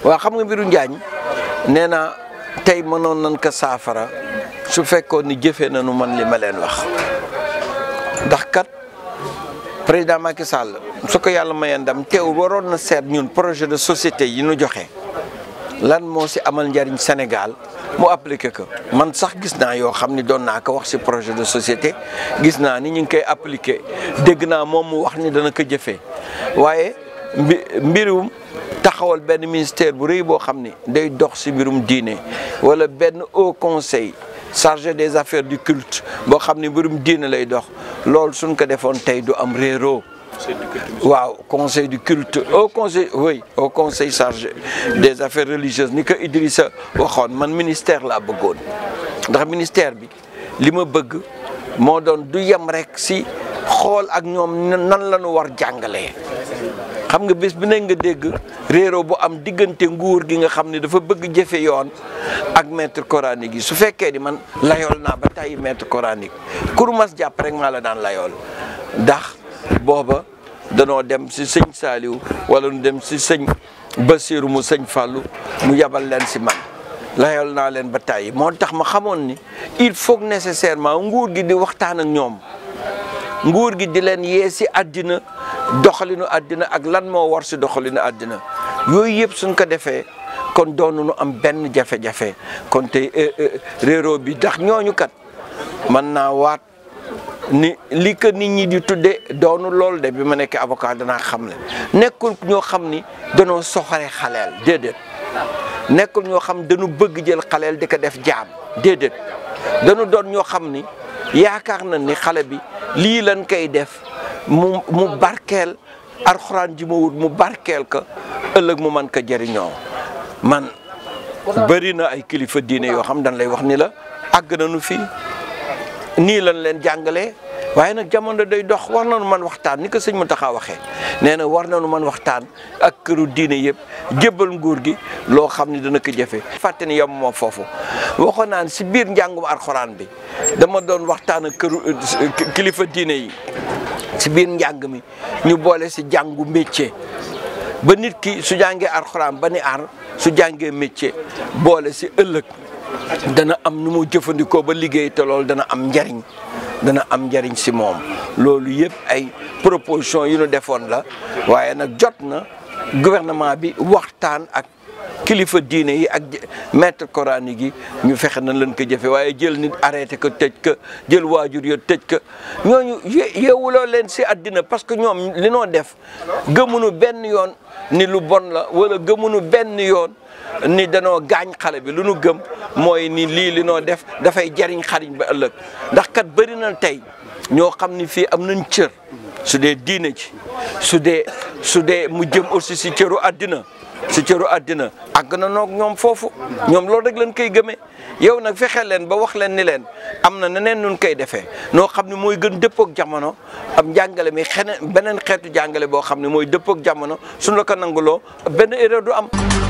waa xam nga mbiru Njaañ nee na tey mënoon nañ ko saafara su fekkoon ni jëfee nañu man li ma leen wax ndax kat président Macky Sall su ko yàlla mayee ndam teew waroon na seet ñun projet de société yi nu joxe lan moo si amal njariñ Sénégal mu appliqué ko man sax gis naa yoo xam ni doon naa ko wax si projet de société gis naa ni ñu ngi koy appliqué dégg naa moom mu wax ni dana ko jëfe waaye. mbi mbirum taxawal benn ministère bu rëy boo xam ni day dox si mbirum diine wala benn haut conseil chargé des affaires du culte boo xam ni mbirum diine lay dox loolu suñ ko defoon tey du am réeroo waaw conseil de culte au conseil oui au conseil chargé des affaires religieuses ni ko Idrissa waxoon man ministère laa bëggoon ndax ministère bi li ma bëgg moo doon du yem rek si xool ak ñoom nan la ñu war jàngalee xam nga bés bi ne nga dégg réeroo bu am diggante nguur gi nga xam ne dafa bëgg jëfe yoon ak metre coranique yi su fekkee ni man layool naa ba tàyyi maître coranique mas jàpp rek maa la daan layool ndax booba danoo dem si sëñ Saaliw wala nu dem si sëñ Basiiru mu sëñ Fàllu mu yabal leen si man layool naa leen ba tàyyi moo tax ma xamoon ni il faut nécessairement nguur gi di waxtaan ak ñoom nguur gi di leen yee si àddina doxalinu àddina ak lan moo war si doxalinu àddina yooyu yëpp suñ ko defee kon doonunu am benn jafe-jafe kon te eh, eh, réero bi ndax ñooñu kat mën naa waat ni li ko nit ñi di tudde doonu lool de bi ma nekke avocat danaa xam le nekkul ñoo xam ni danoo soxore xaleel déedéet nekkul ñoo xam dañu bëgg jël xaleel di ko def jaam déedéet danu doon ñoo xam ni yaakaar na ni xale bi lii lan koy def mu mu barkeel arxuraan ji ma wut mu barkeel ka ëllëg mu man ka jariñoo man bëri na ay kilifa diine yoo xam dañ lay wax ni la àgg nañu fii nii lañ leen jàngale waaye nag jamono day dox war nañu man waxtaan ni ko sëñ Mountakha waxee nee na war nañu man waxtaan ak këru diine yépp jëbal nguur gi loo xam ni dana ko jëfe fàttani ni yom moo foofu waxoon naan si biir njàngum alxuraan bi dama doon waxtaan ak këru kilifa diine yi ci biir njàng mi ñu boole si jàngu métier ba nit ki su jàngee alxuraan ba ni ar su jàngee métier boole si ëllëg dana am nu mu jëfandikoo ba liggéey te loolu dana am njariñ dana am njariñ si moom loolu yëpp ay proposition yu ñu defoon la waaye nag jot na gouvernement bi waxtaan ak kilifa diine yi ak maître coranique gi ñu fexe na leen ko jëfe waaye jël nit arrêté ko tëj ko jël waajur yo tëj ko ñooñu yeewuloo leen si àddina parce que ñoom li noo def gëmunu benn yoon ni lu bon la wala gëmunu benn yoon ni danoo gaañ xale bi lu nu gëm mooy ni lii li noo def dafay jariñ xariñ ba ëllëg ndax kat bëri na tey ñoo xam ni fii am nañ cër su dee diine ci su dee su dee mu jëm aussi si cëru àddina si cëru àddina àgg na noog ñoom foofu ñoom loolu rek lañ koy gëmee yow nag fexeel leen ba wax leen ni leen am na neneen nun koy defee noo xam ne mooy gën dëppook jamono am jàngale mi xene beneen xeetu jàngale boo xam ne mooy dëppook jamono suñu la ko nanguloo benn erreur du am